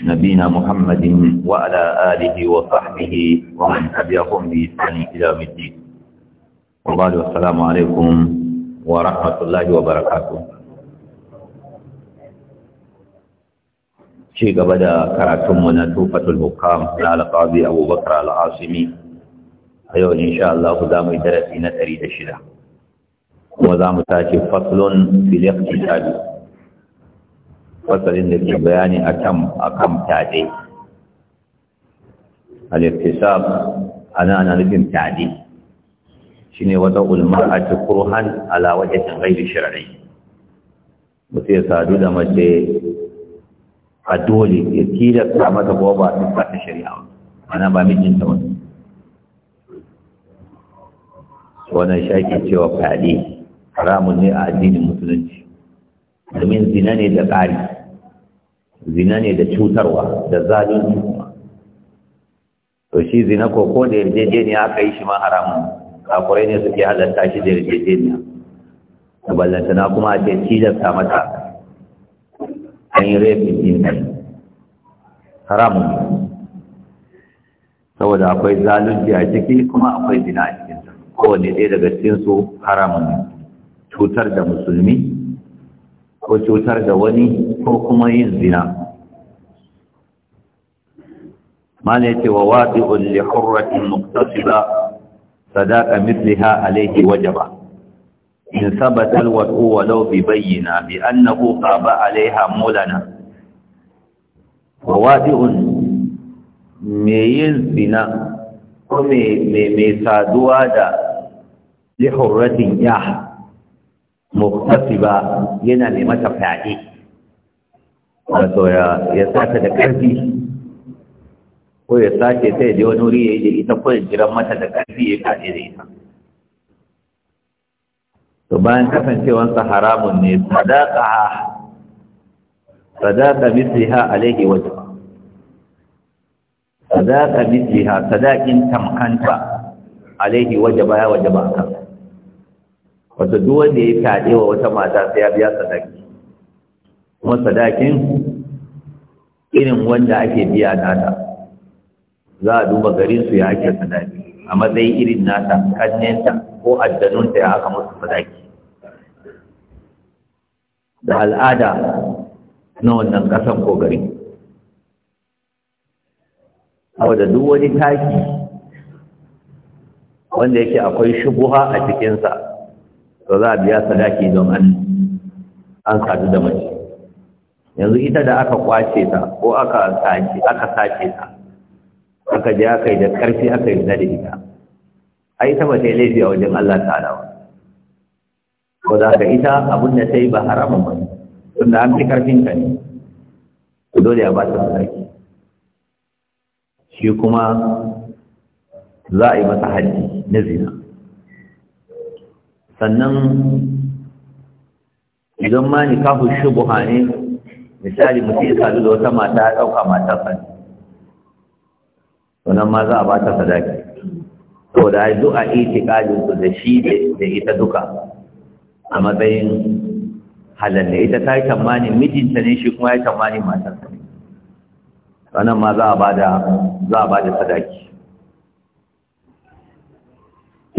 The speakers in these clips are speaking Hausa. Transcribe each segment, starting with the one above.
نبينا محمد وعلى آله وصحبه ومن تبعهم بإحسان إلى يوم الدين وبعد السلام عليكم ورحمة الله وبركاته شيء قبل كراتم ونتوفة الحكام على قاضي أبو بكر العاصمي أيوة إن شاء الله دام درسنا تريد الشدة وزام تاتي فصل في الاقتصاد fasalin da ke bayani a a akan tade al ana ana nufin tade shine wata ulmar'atu kurhan ala gairi shirarai shar'i ya sadu da mace a dole ya tilasta mata ko ba su fata shari'a ana ba mijinta wani wannan shaki cewa fadi haramun ne a addinin musulunci domin zina ne da ƙari zina ne da cutarwa da zalunci kuma to shi zina ko ko da yarjejeniya aka yi shi ma haramun kakurai ne suke halatta shi da yarjejeniya da ballantana kuma a ce tilasta mata an yi rafin din haramun saboda akwai zalunci a ciki kuma akwai zina a cikinsa kowane ɗaya daga cikinsu haramun cutar da musulmi ko cutar da wani ko kuma yin zina mala yace wa wadi'un li hurratin sadaka sadaqa mithliha alayhi wajaba in sabata alwatu walau bi bayyana, bi annahu qaba alaiha mulana wa un me yin zina ko me me saduwa da li hurratin yaha ba yana mai mata fyaɗe wato ya sata da ƙarfi ko ya sace ta da wani wuri ya yi da ita ko ya jiran mata da ƙarfi ya kaɗe da ita to bayan kasancewansa haramun ne sadaka sadaka misliha alaihi wajh sadaka misliha sadakin tamkanta alaihi wajaba ya wajaba akan wata duk wanda ya fyaɗe wa wata mata sai ya biya sadaki kuma sadakin irin wanda ake biya nata za a duba garin su ya ake sadaki a matsayin irin nata kannenta ko addanunta ya aka musu sadaki da al'ada na wannan ƙasan ko gari abu da duk wani taki wanda yake akwai shubuha a cikinsa to za a biya sadaki don an an sadu da mace yanzu ita da aka kwace ta ko aka sace aka sace ta aka je aka yi da karfi aka yi da ita ai ta mace laifi a wajen Allah ta'ala ko za ka ita abin da ta yi ba haramun ba tunda an fi karfin ta ne dole a ba ta sadaki shi kuma za a yi masa hajji na zina sannan idan ma ni kafu shubuha ne misali mutum ya sadu da wata mata ya ɗauka matar sa sannan ma za a ba ta sadaki to da ai du'a iti su da shi da ita duka a matsayin da ita ta yi tamanin mijinta ne shi kuma ya yi tamanin matarsa ne sannan ma za a ba da sadaki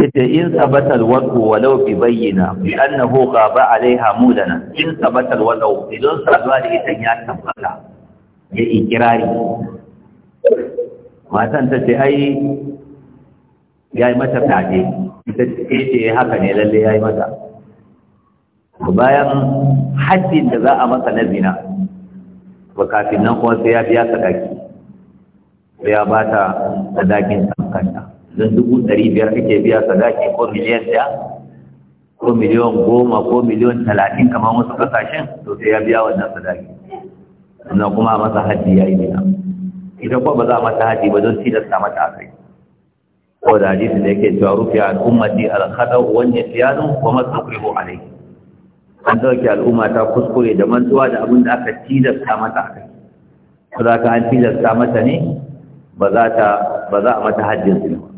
ita in sabatal wadu walau bi bayyana bi annahu qaba alaiha mudana in sabatal idan saduwa da ita ya tabbata ya ikirari matan ta ce ai ya mata fyaɗe ita ce eh, eh, haka ne lalle ya yi mata bayan haddin da za a masa na zina ba kafin nan kuma sai ya biya sadaki ya ba ta sadakin sankanta don dubu ɗari biyar kake biya sadaki ko miliyan ɗaya ko miliyan goma ko miliyan talatin kamar wasu ƙasashen to sai ya biya wannan sadaki sannan kuma a masa hajji ya yi mina ita ko ba za a mata hajji ba don tilasta mata a kai ko da hadisi da yake cewa rufe al'ummati alkhada wani masu wa a alai an dauke al'umma ta kuskure da mantuwa da abin da aka tilasta mata a kai ko za ka an tilasta mata ne ba za a mata hajjin su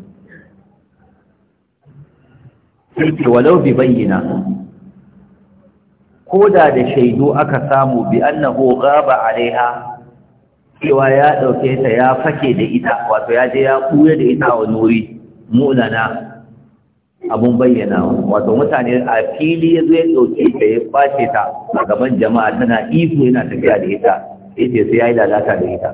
yake walau bi bayyana koda da shaidu aka samu bi annahu ghaba alaiha cewa ya dauke ta ya fake da ita wato ya je ya kuye da ita wa nuri mu'lana abun bayyana wato mutane a fili ya zo ya dauke ta ya kwace ta a gaban jama'a tana ifo yana tafiya da ita yace sai ya yi lalata da ita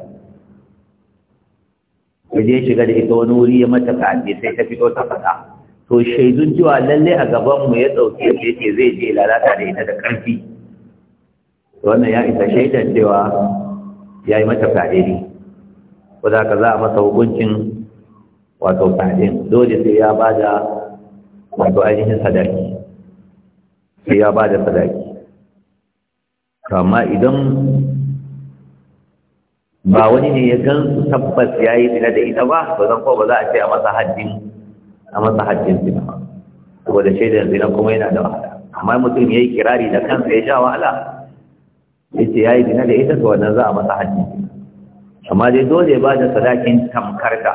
ya je shiga da ita wani wuri ya mata kaje sai ta fito ta faɗa. to shaidun cewa lalle a gabanmu ya ɗauke shi yake zai je lalata da ita da ƙarfi wannan ya isa shaidan cewa ya yi mata fyaɗe ne ko za ka za a masa hukuncin wato fyaɗe dole sai ya ba da wato ainihin sadaki sai ya ba da sadaki amma idan ba wani ne ya gan su tabbas ya yi zina da ita ba ba zan ko ba za a ce a masa haddin a masa hajjin zina saboda shaidar zina kuma yana da wahala amma mutum ya yi kirari da kansa ya sha wahala ya ce ya yi zina da ita to wannan za a masa hajjin zina amma dai dole ba da sadakin tamkar ka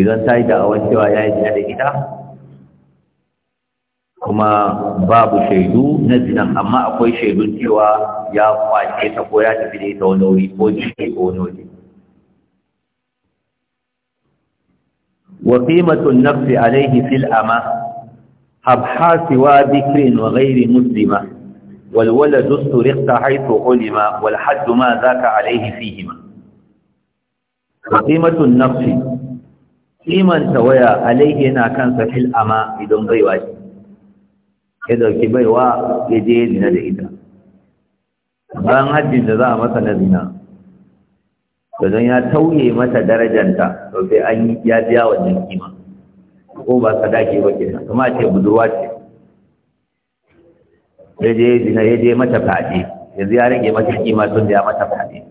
idan ta yi da'awar cewa ya yi zina da ita kuma babu shaidu na zinan amma akwai shaidun cewa ya kwace ta ko ya tafi da ita wani wuri ko jiki ko wani wuri wa qimatun nafsi alayhi fil ama habha siwa dhikrin wa ghairi muslima wal waladu suriqta haythu ulima wal hadd ma zaka alayhi fihima wa qimatun nafsi qiman tawaya alayhi yana kansa fil ama idan baiwa ya dauki baiwa ya je zina da ita bayan hajjin da za a masa na zina don ya tauye mata darajanta to sai an ya biya wannan kima ko ba sadaki ba ke nan kuma ce budurwa ce ya je zina ya je mata fade yanzu ya rage mata kima tun da ya mata fade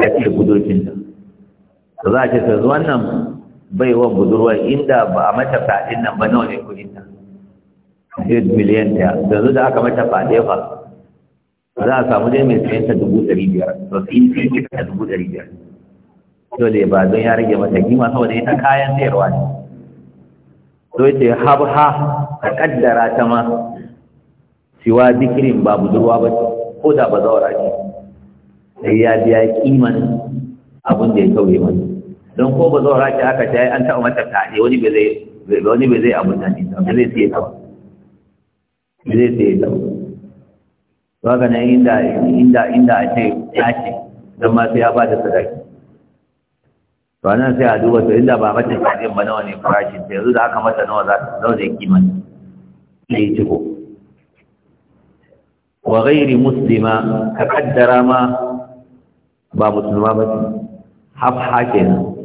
ya ce budurcin ta to za a ce ta wannan baiwan budurwar inda ba a mata fadin nan ba nawa ne kudin ta sai miliyan ɗaya yanzu da aka mata fade fa za a samu dai mai sayan ta dubu ɗari biyar to sai in ta dubu ɗari biyar dole ba don ya rage mata gima saboda ita kayan sayarwa ne to yace ha ta kaddara ta ma siwa dikirin ba budurwa ba ko da ba zaura ne sai ya biya kiman abin da ya kauye mata don ko ba zaura ce aka ta yi an taɓa mata ne wani bai zai wani bai zai abin da ne ba zai sai ta ba zai sai ta ba ga nan inda inda inda ake ce don ma sai ya ba da sadaki to sai a duba to inda ba mata kajin ba nawa ne farashin ta yanzu da aka mata nawa za ta nawa zai kima ne ya ciko wa ghairi muslima ka kaddara ma ba musulma ba ce hafha nan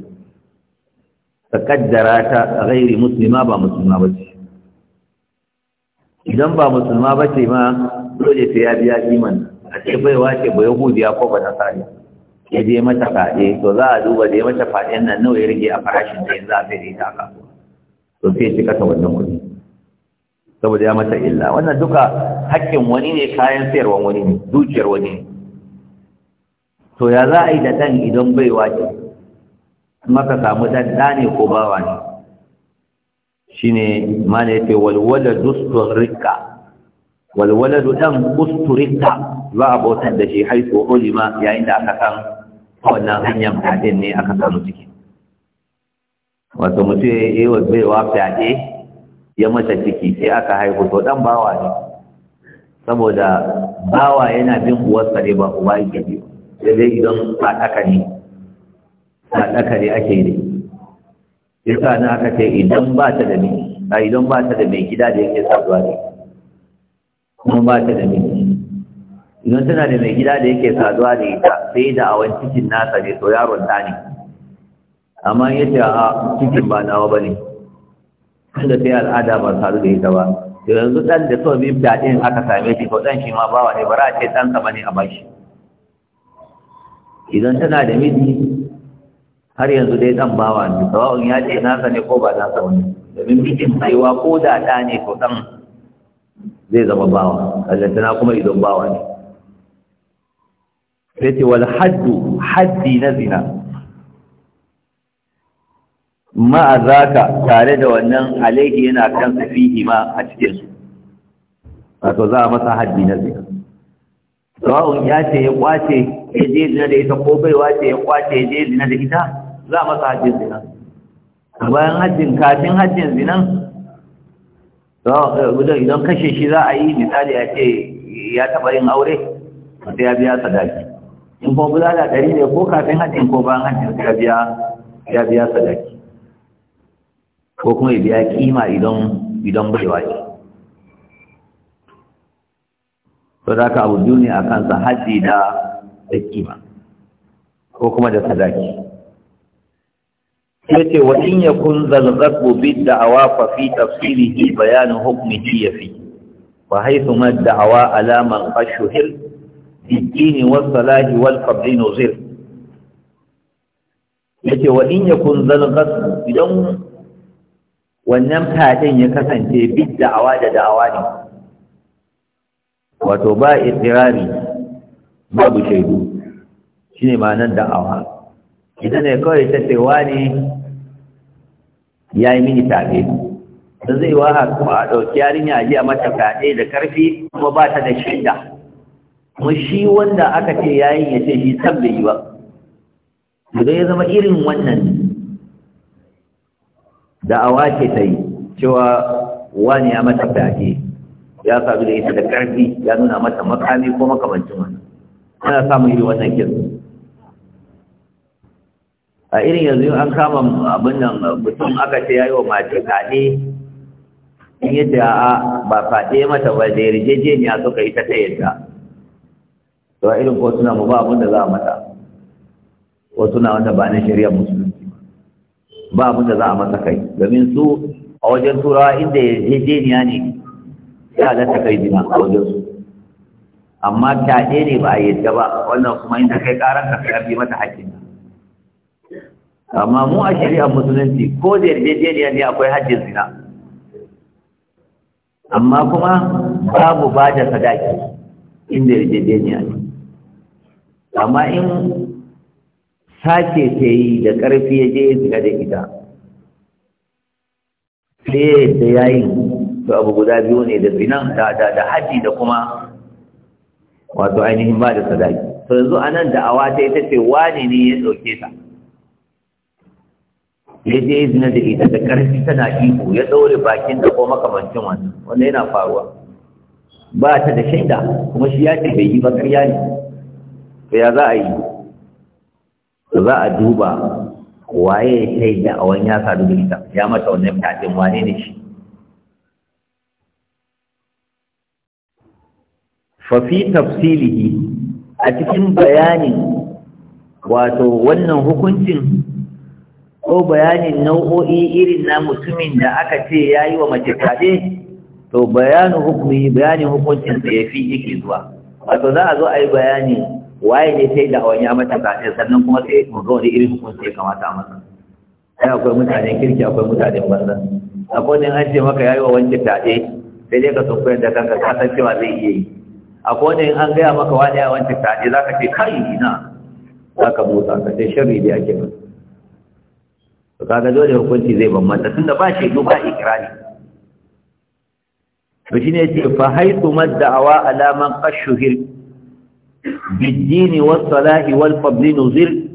ka kaddara ta ghairi muslima ba musulma ba ce idan ba musulma ba ce ma dole sai ya biya kiman a ce baiwa ce ba yahudiya ko ba nasariya ya je mata faɗe to za a duba da ya mata faɗen nan nawa ya rage a farashin da yanzu a sai da ita a kasuwa to sai shi kasa wannan kuɗi saboda ya mata illa wannan duka hakkin wani ne kayan sayarwar wani ne dukiyar wani ne to ya za a yi da ɗan idan bai wace maka samu dan ɗa ne ko bawa ne shi ne mana ya ce walwala dusturika walwala ɗan usturika za a bautar da shi haifu ulima yayin da aka san wannan hanyar fyaɗe ne aka samu ciki wato mutum ya yi wa baiwa fyaɗe ya mata ciki sai aka haihu to ɗan bawa ne saboda bawa yana bin uwarsa ne ba uba yake biyu sai dai idan faɗaka ne faɗaka ne ake yi ya na aka ce idan ba ta da miji a idan ba ta da mai gida da yake saduwa ne kuma ba ta da miji idan tana da mai gida da yake saduwa da ita sai da awan cikin nasa ne to yaron ta ne amma ya ce a cikin ba nawa ba ne tunda sai al'ada ba sadu da ita ba to yanzu ɗan da so bin daɗin aka same shi ko dan shi ma bawa ne ba za a ce ɗan ka ne a bashi idan tana da miji har yanzu dai ɗan bawa ne sawa'un ya ce nasa ne ko ba nasa wani domin mijin baiwa ko da ɗa ne ko ɗan zai zama bawa tana kuma idan bawa ne sai ce wal haddu haddi na zina ma'a zaka tare da wannan alaihi yana kan safihi ma a cikin su wato za a masa haddi na zina sawa'un ya ce ya kwace ya je zina da ita ko baiwa ce ya kwace ya je zina da ita za a masa haddin zina bayan haddin kafin haddin zinan idan kashe shi za a yi misali ya ce ya taɓa yin aure sai ya biya sadaki in ko bulala ɗari ne ko kafin haɗin, ko bayan haɗin ya biya ya biya sadaki ko kuma ya biya kima idan idan baiwa ce to da ka abu biyu ne a kansa haɗi da kima ko kuma da sadaki yace wa in yakun zalzaqu bid da'awa fa fi tafsilihi bayan hukmihi yafi wa haythu da da'awa ala man qashuhil bidini was salahi wal qabli nuzir yace wa in yakun zal ghasl idan wannan fadin ya kasance bid da'awa da da'awa ne wato ba iqrari babu shaidu shine ma'anar da'awa idan ne kawai ta ce wani ya yi mini tafe da zai wa a ɗauki yarinya a ji a mata fyaɗe da ƙarfi kuma ba ta da shaida kuma shi wanda aka ce yayin ya ce shi tab bai yi ba idan ya zama irin wannan da a ce ta yi cewa wani ya mata fyaɗe ya sadu da ita da ƙarfi ya nuna mata makami ko makamancin wannan ana samu irin wannan kirkin a irin yanzu an kama abin nan mutum aka ce ya yi wa mace kaɗe in yi da ba kaɗe mata ba da yarjejeniya suka yi ta ta yadda to a irin kotuna mu ba abin da za a mata kotuna wanda ba na shari'a musulunci ba abin da za a mata kai domin su a wajen turawa inda ya jeniya ne ya halatta kai jina a wajen su amma fyaɗe ne ba a yadda ba wannan kuma inda kai ƙaran ka kai bi mata hakkin amma mu a shari'a musulunci ko da yarjejeniya ne akwai hajjin zina amma kuma babu ba da sadaki inda yarjejeniya ne amma in sake ta yi da ƙarfi ya je ya da ita sai da ya yi to abu guda biyu ne da binan da haji da kuma wato ainihin ba da sadaki to yanzu a nan awa ta yi ta ce wane ne ya ɗauke ta ya je zina da ita da ƙarfi tana iko ya ɗaure bakin da ko makamancin wannan wanda yana faruwa ba ta da shaida kuma shi ya ce bai yi ba ƙarya ne to ya za a yi za a duba waye ya yi da awon ya sadu da ita ya mata wannan fadin wane ne shi fafi tafsilihi a cikin bayanin wato wannan hukuncin ko bayanin nau'o'i irin na mutumin da aka ce ya yi wa mace kaɗe to bayanin bayanin hukuncin da ya fi yake zuwa wato za a zo a yi bayanin waye ne sai da wani ya mata sai sannan kuma sai mun zo wani irin hukunci ya kamata a masa Sai akwai mutanen kirki akwai mutanen banza akwai wani an ce maka yayi wa wanke kaɗe sai dai ka koyar da kanka ka san cewa zai iya yi akwai wani an gaya maka wani ya wanke kaɗe za ka ce kai na za ka motsa ka ce sharri da ake ba to kaga dole hukunci zai bambanta tunda ba shi ba ikrari to shine yace fa haythu mad ala man qashuhir بالدين والصلاح والفضل نزل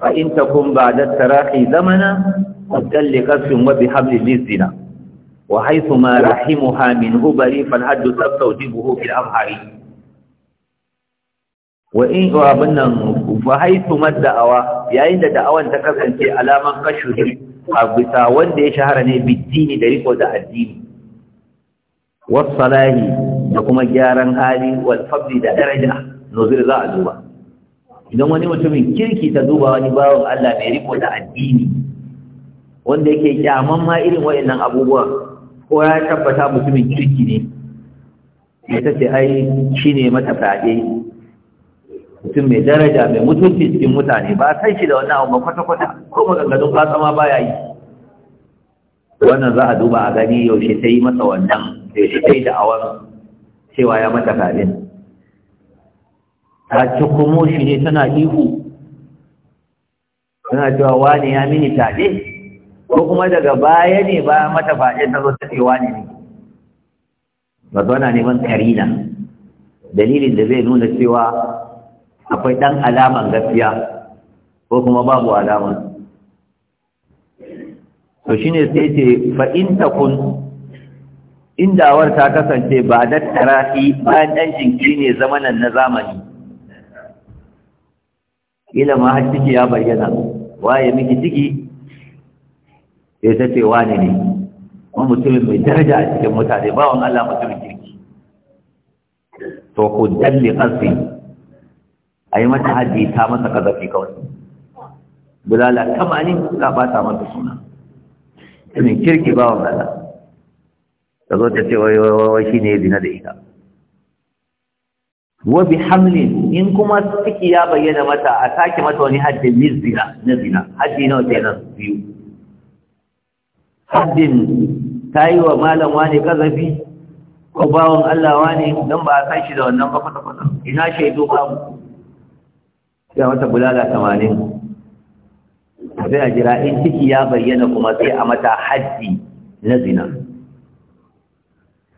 فإن تكن بعد التراخي زمنا فدل لقذف وبحبل للزنا وحيث ما رحمها من هبل فالحد تستوجبه في الأمهر وإن وابنا فحيث ما الدعوة يعني الدعوة تكسن في ألاما قشه أبسا وندي شهرني بالدين دريق وزع الدين والصلاح لكم جارا هالي والفضل درجة nozir za a duba idan wani mutumin kirki ta duba wani bawan Allah mai riko da addini wanda yake kyaman ma irin waannan abubuwa ko ya tabbata mutumin kirki ne ya ce ai shine mata fade mutum mai daraja mai mutunci cikin mutane ba sai shi da wannan abu kwata-kwata ko maganganun fasa ma baya yi wannan za a duba a gani yaushe ta yi masa wannan yaushe ta yi da'awar cewa ya mata fadin ta cikumo shi ne tana ihu tana cewa wani ya mini fyaɗe ko kuma daga baya ne ba mata fyaɗe ta zo ta ce wani ne ba na neman karina dalilin da zai nuna cewa akwai ɗan alaman gaskiya ko kuma babu alaman to shine sai ce fa in takun indawar ta kasance ba da tarafi bayan ɗan jinkiri ne zamanan na zamani kila ma har ciki ya bayyana waye miki ciki ya ta ce wani ne kuma mutumin mai daraja a cikin mutane bawan Allah mutumin kirki to ku dalli a yi mata haddi ta masa kazafi kawai bulala kamani ka ta mata suna mutumin kirki bawan Allah ta zo ta ce wai wai wai shine zina da ita wa bi hamlin in kuma ciki ya bayyana mata a sake mata wani haddin mizina na zina haddi nawa kenan biyu haddin ta yi wa malam wani kazafi ko bawan Allah wani don ba a san shi da wannan ba kwata-kwata ina shaidu ba mu ya wata bulala tamanin sai a jira in ciki ya bayyana kuma sai a mata haddi na zina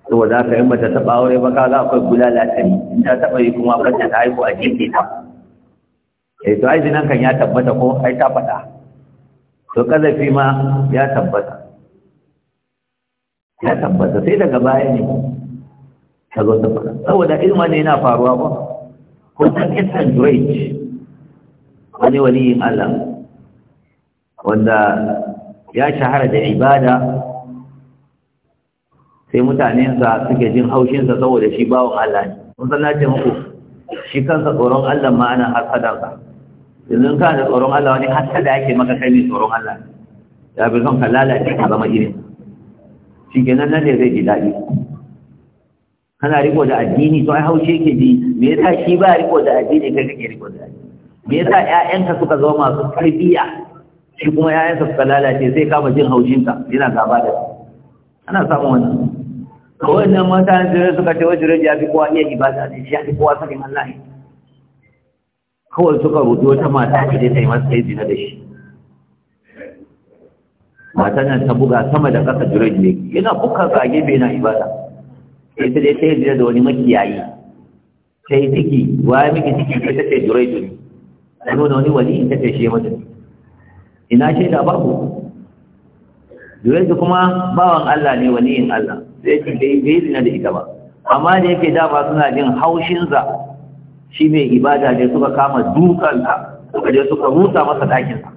za ka yi mata taba aure ba ga akwai bulala yi in ta taba yi kuma bata ta haihu a gefe ta eh to ai zinan kan ya tabbata ko ai ta faɗa to kazafi ma ya tabbata ya tabbata sai daga baya ne ka zo ta faɗa saboda ilma ne yana faruwa ba ko ta kisan great wani waliyin Allah wanda ya shahara da ibada sai mutanensa suke jin haushinsa saboda shi bawon Allah ne kun san nace muku shi kansa tsoron Allah ma ana hasadarsa yanzu ka da tsoron Allah wani hasada yake maka kai ne tsoron Allah ya bi son ka lalace ka zama irin shi kenan nan ne zai ji daɗi kana riko da addini to ai haushe yake ji me yasa shi ba riko da addini kai kake riko da addini me yasa ƴaƴanka suka zama masu tarbiyya shi kuma ƴaƴansa suka lalace sai kama jin haushinka yana gaba da ana samun wannan wannan mata da suka ce wajen rage ya fi kowa iya ibada ne shi ya fi kowa sanin Allah ne kawai suka rubuta wata mata ce da ta yi masa zina da shi mata nan ta buga sama da ƙasa jirage ne yana buka ga gebe na ibada sai ta je ta yi da wani makiyayi sai ciki waye miki ciki sai ta ce jirage ne ta nuna wani wali ta ce shi mata ina shi da babu jirage kuma bawan Allah ne waliyin Allah sai ce bai bai zina da ita ba amma da yake dama suna jin haushinsa shi mai ibada da suka kama dukansa suka je suka rusa masa ɗakinsa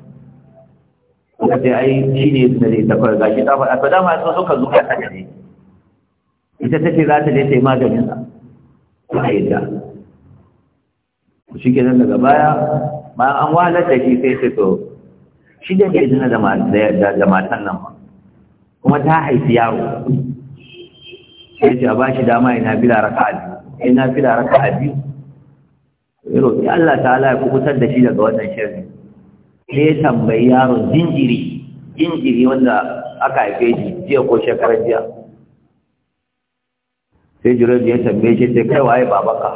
kuma sai ai shi ne zina da ita kawai gashi ta faɗa to dama sun suka zuka ta ne ita take za ta je ta yi maganinsa ta yadda shi nan daga baya bayan an wahalar da shi sai sai to shi da ke zina da matan nan ba kuma ta haifi yaro sai ce a ba shi dama ina fila a biyu ina fila a biyu ya roƙi Allah ala ya kubutar da shi daga wannan shirin sai ya tambayi yaron jinjiri jinjiri wanda aka haife shi jiya ko shekarar jiya sai jirar ya tambaye shi sai kai waye babanka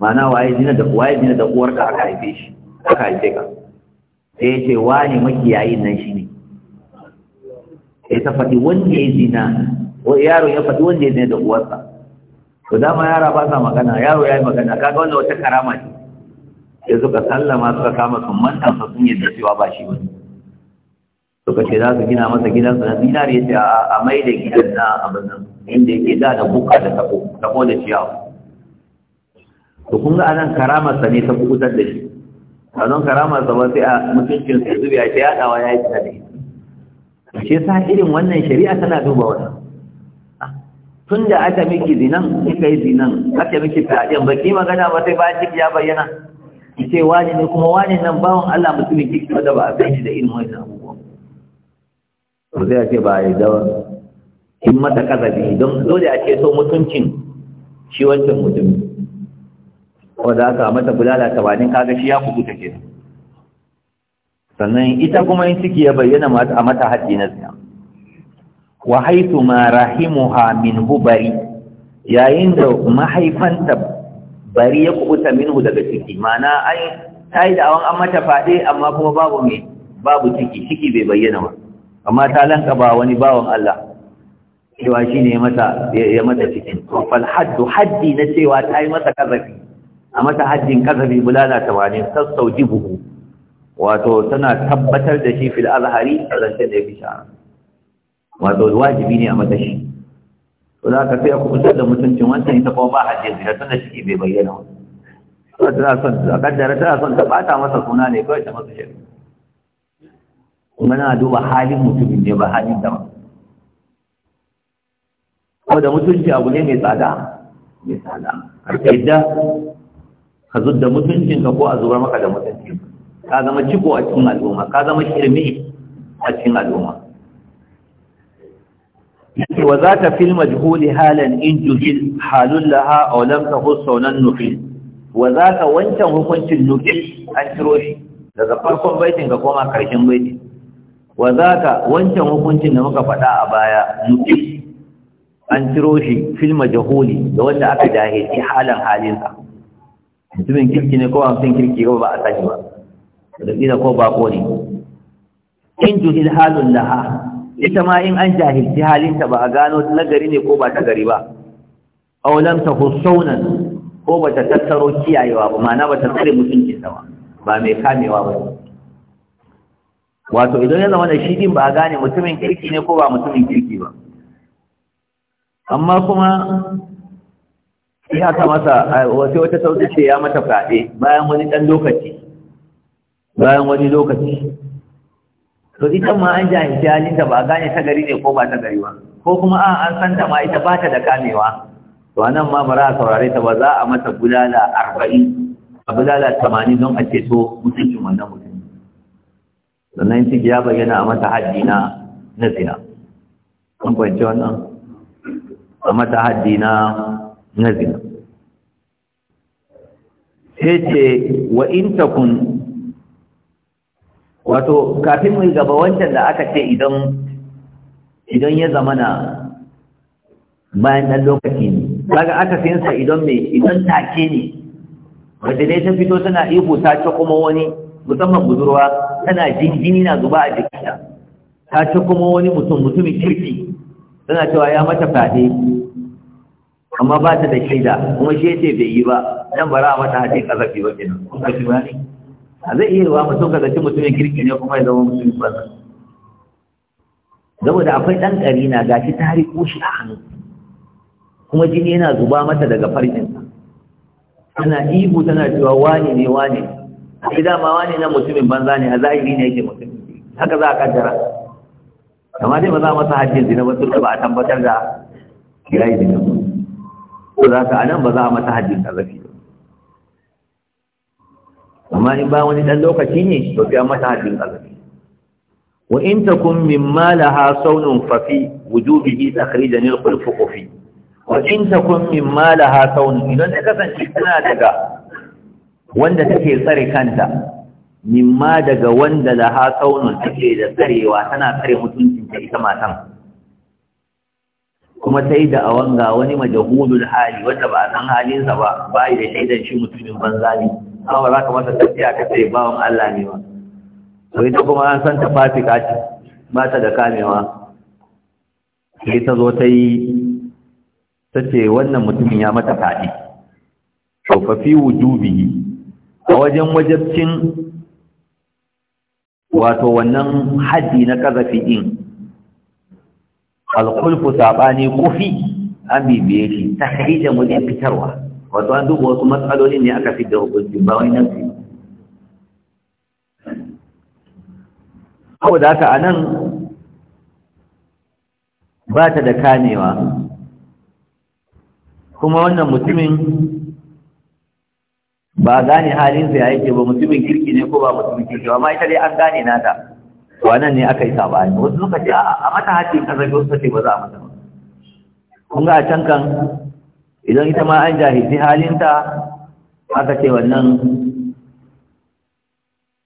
ma'ana waye jina da waye jina da uwarka aka haife shi aka haife ka sai ya ce wani makiyayin nan shi ne Sai ta faɗi wanda ya zina ko yaro ya faɗi wanda ya ne da uwarsa to dama yara ba sa magana yaro ya yi magana kaga wanda wata karama ce sai suka sallama suka kama sun manta sa sun yadda cewa ba shi wani suka ce za su gina masa gidansa na zinari ya ce a mai da gidan na abin nan inda yake da da buka da tako tako da ciyawa to kun ga anan karamarsa ne ta kubutar da shi a don karamarsa ba sai a mutuncin su zubi a ce yaɗawa ya yi tare shi sa irin wannan shari'a tana duba wannan tun da aka miki zinan kika yi zinan aka miki fadin ba ki magana ba sai bayan ciki ya bayyana ce wani ne kuma wani nan bawan Allah mutumin kiki wanda ba a san shi da irin wannan abubuwa to sai ce ba ya da in mata kazabi don dole a ce so mutuncin shi wancan mutum da aka mata bulala bani kaga shi ya kubuta ke sannan ita kuma in ciki ya bayyana a mata haddi na zina wa haitu ma rahimuha min hubari yayin da mahaifanta bari ya kubuta minhu daga ciki mana ai ta yi da'awan an mata faɗe amma kuma babu mai babu ciki ciki bai bayyana ba amma ta lanka ba wani bawan Allah cewa shi ne ya mata cikin fal haddu haddi na cewa ta yi masa kazafi a mata haddin kazafi bulala tamanin sassauji buhu wato tana tabbatar da shi fil azhari a zancen da ya fi shahara wato wajibi ne a matashi to za ka sai a kubutar da mutuncin wancan ita kuma ba hajjin zina tun da shi bai bayyana wa to tana son a kaddara tana son ta bata masa suna ne kawai ta masa shari'a kuma na duba halin mutumin ne ba halin da ba kuma da mutunci abu ne mai tsada mai tsada har ka yadda ka zudda mutuncinka ko a zubar maka da mutunci ka zama ciko a cikin al'umma ka zama shirme a cikin al'umma yake wa za ta fil majhuli halan in juhil halun laha aw lam tahus saunan nufil wa za ka wancan hukuncin nufil an ciro shi daga farkon baitin ga koma karshen baiti wa za ka wancan hukuncin da muka faɗa a baya nufil an ciro shi fil majhuli da wanda aka jahilci halan halinsa mutumin kirki ne ko hamsin kirki ko ba a sani ba da ko ba ko ne in juhil halun laha ita ma in an jahilci halinta ba a gano na gari ne ko ba ta gari ba aw lam tahussawna ko ba ta tattaro kiyayewa ba ma'ana ba ta tsare mutunci ba ba mai kamewa ba wato idan ya zama da shi din ba a gane mutumin kirki ne ko ba mutumin kirki ba amma kuma ya ta masa wasu wata sauta ce ya mata fade bayan wani dan lokaci bayan wani lokaci to ita ma an jahilci halinta ba gane ta gari ne ko ba ta gari ba ko kuma a an santa ma ita ba ta da kamewa to anan ma bara saurare ta ba za a mata bulala arba'in a bulala tamanin don a ceto mutuncin wannan mutum sannan ciki ya bayyana a mata haddi na na zina an kwanci wannan a mata haddi na na zina sai ce wa in takun wato kafin mu gaba wancan da aka ce idan idan ya zamana bayan dan lokaci ne kaga aka sa idan me idan take ne wanda dai ta fito tana ihu ta ci kuma wani musamman budurwa tana jinjini na zuba a jikinta ta ci kuma wani mutum mutumin kirki tana cewa ya mata fade amma ba ta da shaida kuma shi yace bai yi ba dan bara mata hadin kazafi ba kenan kun ga shi a zai iya ruwa mutum ka zaci mutumin kirki ne kuma ya zama mutumin banza saboda akwai ɗan ƙarina na gashi ta hari shi a hannu kuma jini yana zuba mata daga farkinsa tana ihu tana cewa wane ne wane sai dama wane na mutumin banza ne a zahiri ne yake mutumin haka za a kaddara amma dai ba za a masa hajjin zina ba tun da ba a tabbatar da kirayi zina ba ko za ka nan ba za a masa hajjin ƙarfi amma in ba wani dan lokaci ne to biya mata haddin azumi wa in takun mimma laha Fafi fa fi wujubihi da al-khulfuq fi wa in takun mimma idan ta kasance tana daga wanda take tsare kanta mimma daga wanda laha saunun take da tsarewa tana tsare mutuncinta ita matan kuma sai da awanga wani majahulul hali wanda ba a san halinsa ba ba da shaidan shi mutumin banza ne ba za ka masa tafiya ka ce bawan Allah ne ba to ita kuma an san ta fasika ce ba ta da kamewa sai ta zo ta yi ta ce wannan mutumin ya mata faɗi to fa fi wujubi a wajen wajabcin wato wannan haddi na kazafi in alkulfu saɓani kufi an bibiye shi ta hajjin wajen fitarwa wato an duba wasu matsalolin ne aka fidda hukunci ba wani nasi abu da haka a nan ba ta da kamewa kuma wannan mutumin ba gane halinsa ya yake ba mutumin kirki ne ko ba mutumin kirki ba ma ita dai an gane nata wannan ne aka yi sabani wasu suka ce a mata haƙƙin ƙasar yau suka ce ba za a mata ba kun ga a can kan idan ita ma an jahilci halinta aka ce wannan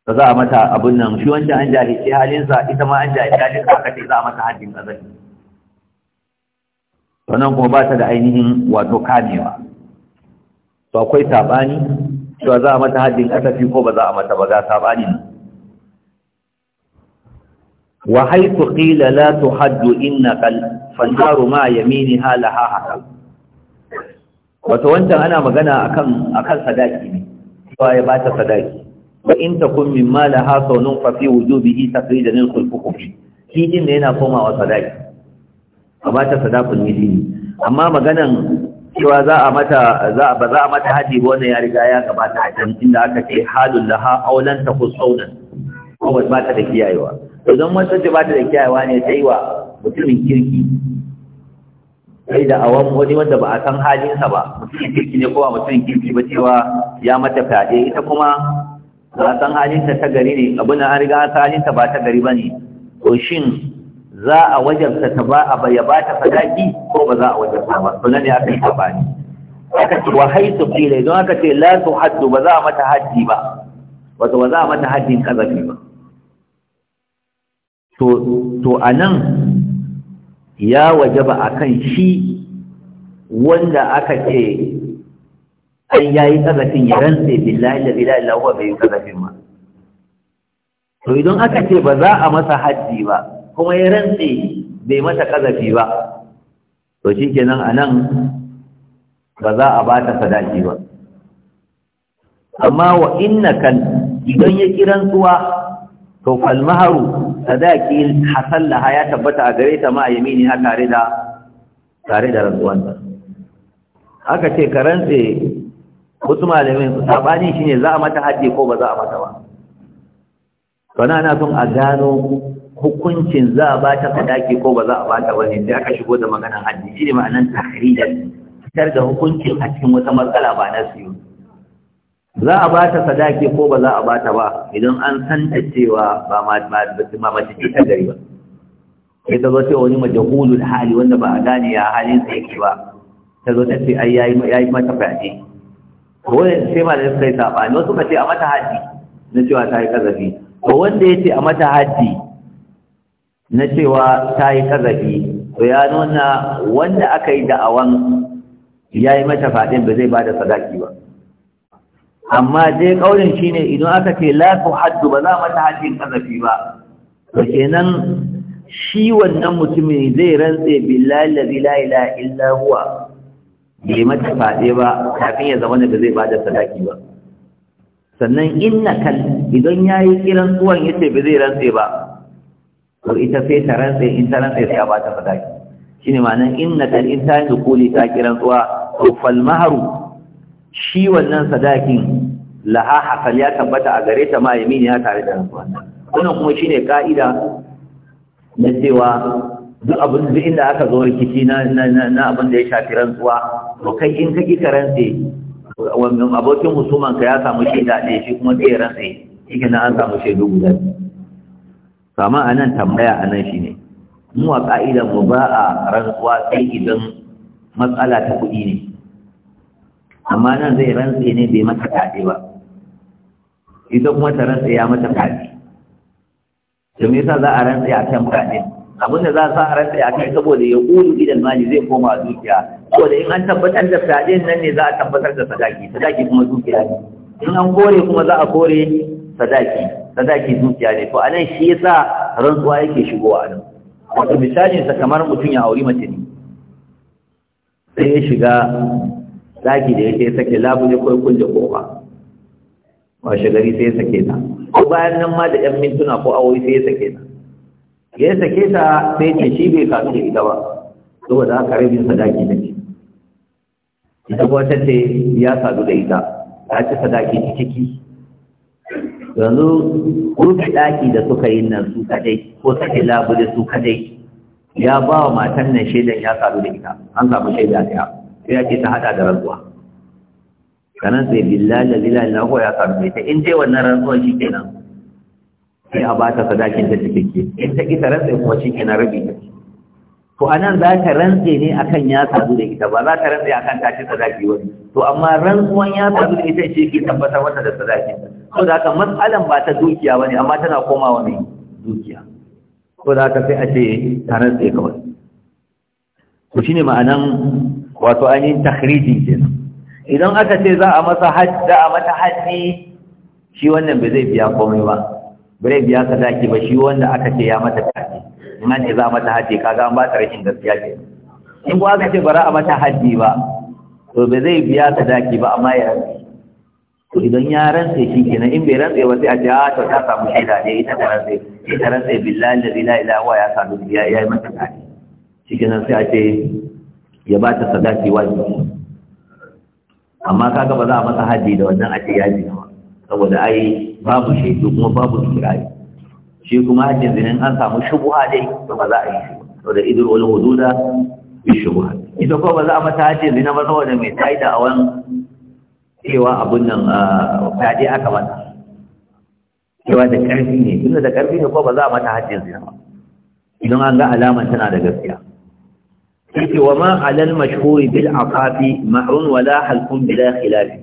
ba za a mata abin nan shi wancan an jahilci halinsa ita ma an jahilci halinsa aka ce za a mata haddin azali. Wannan kuma ba ta da ainihin wato kamewa to akwai saɓani cewa za a mata haddin ƙasafi ko ba za a mata ba ga saɓani ne wa haitu qila la tuhaddu innaka fannaru ma yaminiha laha haka wato wancan ana magana akan akan sadaki ne cewa ya ta sadaki ba in kun min ma la hasunun fa fi wujubihi taqridan al kufi shi din ne yana komawa sadaki a ta sadakun miji ne amma maganan cewa za a mata za ba za a mata haji ba wannan ya riga ya gabata a can inda aka ce halul laha aulan ku saunan ko ba ta da kiyayewa idan wata ce ba ta da kiyayewa ne yi wa mutumin kirki kai da awan wani wanda ba a san halinsa ba mutum kirki ne kowa mutum kirki ba cewa ya mata fyaɗe ita kuma ba a san halinta ta gari ne abin an riga ta halinta ba ta gari ba ne to shin za a wajarta ta ba a baya ba ta fadaki ko ba za a wajarta ba to ne aka yi tabani aka ce wa haitu qila idan aka ce la haddu ba za a mata haddi ba wato ba za a mata haddin kazafi ba to to anan ya waje ba a kan shi wanda aka ce an yayi kazafin ya rantse billahi da billahi Allah huwa bai kazafin ma to idan aka ce ba za a masa hajji ba kuma ya rantse bai masa kazafi ba to shikenan anan ba za a bata sadaki ba amma wa innakan idan ya kiran tsuwa to falmaharu sadaki hasan laha ya tabbata a gare ta ma yamini ha tare da tare da rantsuwanta aka ce ka rantse wasu malamin sabani shine za a mata haji ko ba za a mata ba to na son a gano hukuncin za a bata sadaki ko ba za a bata ba ne sai aka shigo da maganar haji shine ma'anar tahridan fitar da hukuncin a cikin wata matsala ba na siyo za a ba ta sadaki ko ba za a ba ta ba idan an san da cewa ba mace ce ta gari ba sai ta zo cewa wani majahulul hali wanda ba a gane ya halin sa yake ba ta zo ta ce ai yayi mata fyaɗe wanda sai ma da suka yi saɓani ne suka ce a mata haji na cewa ta yi kazafi to wanda ya ce a mata haji na cewa ta yi kazafi to ya nuna wanda aka yi da'awan ya yi mata faɗin ba zai ba da sadaki ba amma dai ƙaunin shine idan aka ce la haddu ba za mata haddin kazafi ba to kenan shi wannan mutumin zai rantse billahi la ilaha illa huwa bai mata fade ba kafin ya zama da zai bada sadaki ba sannan inna kal idan yayi kiran tsuwan yace ba zai rantse ba to ita sai ta rantse in ta rantse sai a bata sadaki shine ma'anar inna kal in ta yi dukuli ta kiran tsuwa to fal mahru shi wannan sadakin laha hakal ya tabbata a gare ta ma yamini ya tare da rantsuwa wannan kuma shi ne ka'ida na cewa duk abin da inda aka zo rikici na abin da ya shafi rantsuwa to kai in ka ki karantse wannan abokin musulman ka ya samu shi ɗaya shi kuma sai rantse shi na an samu shaidu guda kama anan tambaya anan ne mu a ka'idan mu ba a rantsuwa sai idan matsala ta kuɗi ne amma nan zai rantse ne bai mata kaɗe ba ita kuma ta rantse ya mata kaɗe domin yasa za a rantse a kan kaɗe abin da za a sa a rantse a kai saboda ya ƙulu idan mali zai koma a dukiya saboda in an tabbatar da kaɗe nan ne za a tabbatar da sadaki sadaki kuma dukiya ne in an kore kuma za a kore sadaki sadaki dukiya ne to a nan shi yasa rantsuwa yake shigowa a nan wato misalinsa kamar mutum ya auri mace ne sai ya shiga zaki da yake sake labule ko da kofa washe gari sai ya sake ta ko bayan nan ma da yan mintuna ko awoyi sai ya sake ta ya sake ta sai ce shi bai kasu da ita ba saboda haka rabin sadaki da ce ita kuma ta ce ya sadu da ita ta ci sadaki ta ciki yanzu rufe ɗaki da suka yi nan su kadai ko sake labule su kadai ya ba wa matan nan shaidan ya sadu da ita an samu ya ta sai ya ce ta hada da rantsuwa kanan sai billahi lillahi na ya karbe ta in dai wannan rantsuwa shi kenan sai a bata sadakin ta cikakke in ta ita rantsa kuma shi kenan rabi ta to anan za ta rantsa ne akan ya sadu da ita ba za ta rantse akan ta ce sadaki wani to amma rantsuwan ya sadu da ita ce ke tabbatar wata da sadakin ko da haka matsalan ba ta dukiya bane amma tana komawa mai dukiya ko da haka sai a ce ta rantsa kawai to shine ma'anan wato yi takhriji kenan idan aka ce za a masa hajji za a mata hajji shi wannan ba zai biya komai ba bare biya ka zaki ba shi wanda aka ce ya mata hajji in ce za a mata hajji kaga an ba ta rashin gaskiya ke in ko aka ce ba za a mata hajji ba to ba zai biya ka zaki ba amma ya rantsi to idan ya rantsi shi kenan in bai rantsi ba sai a ce a ah, to ta samu shaida ne ita ta rantse ita rantse billahi la ilaha illa huwa ya samu ya yi mata hajji shi kenan sai a ce ya ba ta sadaki wajibi amma kaga ba za a masa haji da wannan ake yaji ba saboda ai babu shaidu kuma babu kirayi shi kuma hajjin zinin an samu shubuha dai to ba za a yi shi saboda idul wal hududa bi shubuha ita ko ba za a mata hajjin zina ba saboda mai tayi da awan cewa abun nan ah, fadi aka mata cewa da karfi ne tunda da karfi ne ko ba za a mata hajjin zina ba idan an ga alama tana da gaskiya yake wa ma alal mashhuri bil afafi ma'run wala halqun bila khilaf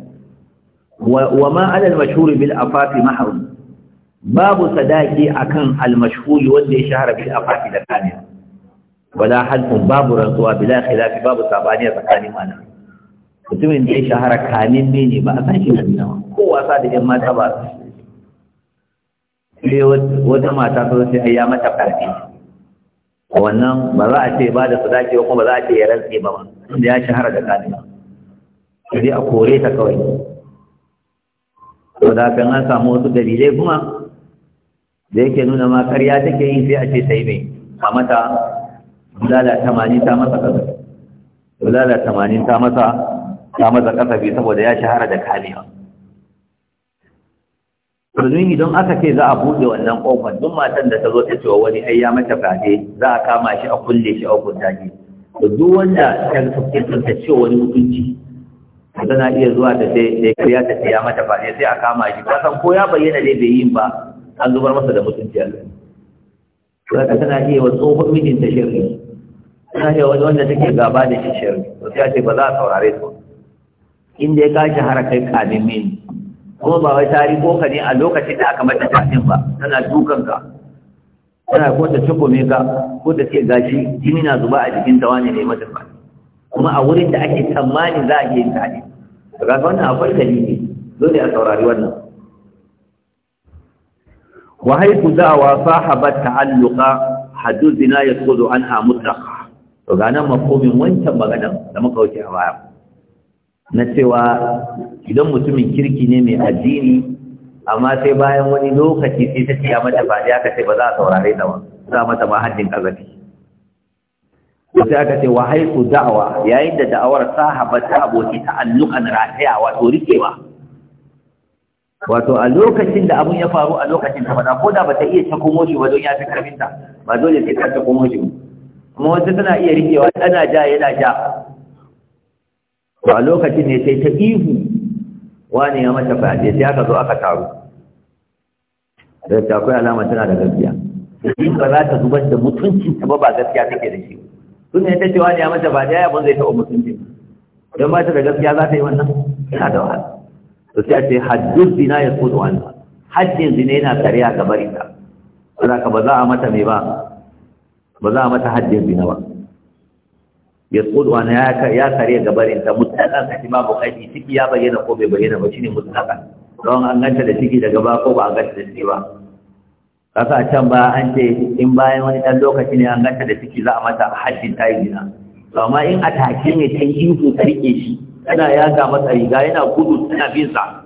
wa ma alal mashhuri bil afafi mahrun babu sadaki akan al mashhuri wanda ya shahara bil afafi da kamiya wala halqun babu rantsuwa bila khilaf babu sabani tsakanin mana mutumin da ya shahara kamin ne ba a san shi da nawa ko wasa da yan mata ba sai wata mata ta sai ai ya mata karfi wannan ba za a ce ba da su dace kuma ba za a ce ya rantse ba ba inda ya shahara da kalima sai a kore ta kawai to da kan an samu wasu dalilai kuma da yake nuna ma karya take yi sai a ce sai mai a mata dala tamanin ta masa kasa dala tamanin ta masa ta masa kasa bi saboda ya shahara da kaliya domin idan aka ce za a buɗe wannan ƙofar duk matan da ta zo ta ce wa wani ai ya mata fade za a kama shi a kulle shi a kunta shi to duk wanda ta fuskanta ta ce wani mutunci tana iya zuwa ta ce da kariya ta ce ya mata fade sai a kama shi ka san ko ya bayyana dai bai yin ba an zubar masa da mutunci Allah to haka tana iya wa tsohon mijinta shirri tana iya wani wanda take gaba da shi shirri to sai a ce ba za a saurare su inda ya kashi har kai kamin mini kuma ba wai tari ko ka ne a lokacin da aka mata tafin ba tana dukan ka tana ko ta tukume ka ko ta ce gashi jini na zuba a jikin ta wani ne mata ba kuma a wurin da ake tsammanin za a yi ta ne daga wannan akwai dalili dole a saurari wannan wa haiku da'awa sahabat ta'alluqa hadduzina yasqudu anha mutlaqa to ga nan mafhumin wancan maganar da muka wuce a baya na cewa idan mutumin kirki ne mai addini amma sai bayan wani lokaci sai ta ce ya mata faɗi aka ce ba za a saurare ta ba za mata ma haddin kazafi sai aka ce wa haiku da'awa yayin da da'awar sahaba ta aboki ta'alluqan rataya wato rikewa wato a lokacin da abun ya faru a lokacin ta faɗa ko da ba ta iya takomo shi ba don ya fi karfinta ba dole sai ta komo shi kuma wasu tana iya rikewa tana ja yana ja to a lokacin ne sai ta ihu wani ya mata fyaɗe sai aka zo aka taru da ta alama tana da gaskiya in ba za ta zubar da mutuncin ta ba ba gaskiya take da shi tun ne ta ce wani ya mata fyaɗe ya ban zai taɓa mutuncin don ba ta da gaskiya za ta yi wannan yana da wahala to sai a ce haddun zina ya kudu wani haddin zina yana tsare a gabarinta saboda ka ba za a mata mai ba ba za a mata haddin zina ba ya tsodo ya ya kare gabarin ta mutlaqan kashi babu kaidi ciki ya bayyana ko bai bayyana ba shine mutlaqan don an ganta da ciki daga ba ko ba a ganta da ciki ba kasa a can ba an ce in bayan wani dan lokaci ne an ganta da ciki za a mata haddin ta yi gina to amma in a take ne ta yi ku ta riƙe shi tana ga masa riga yana gudu tana bin sa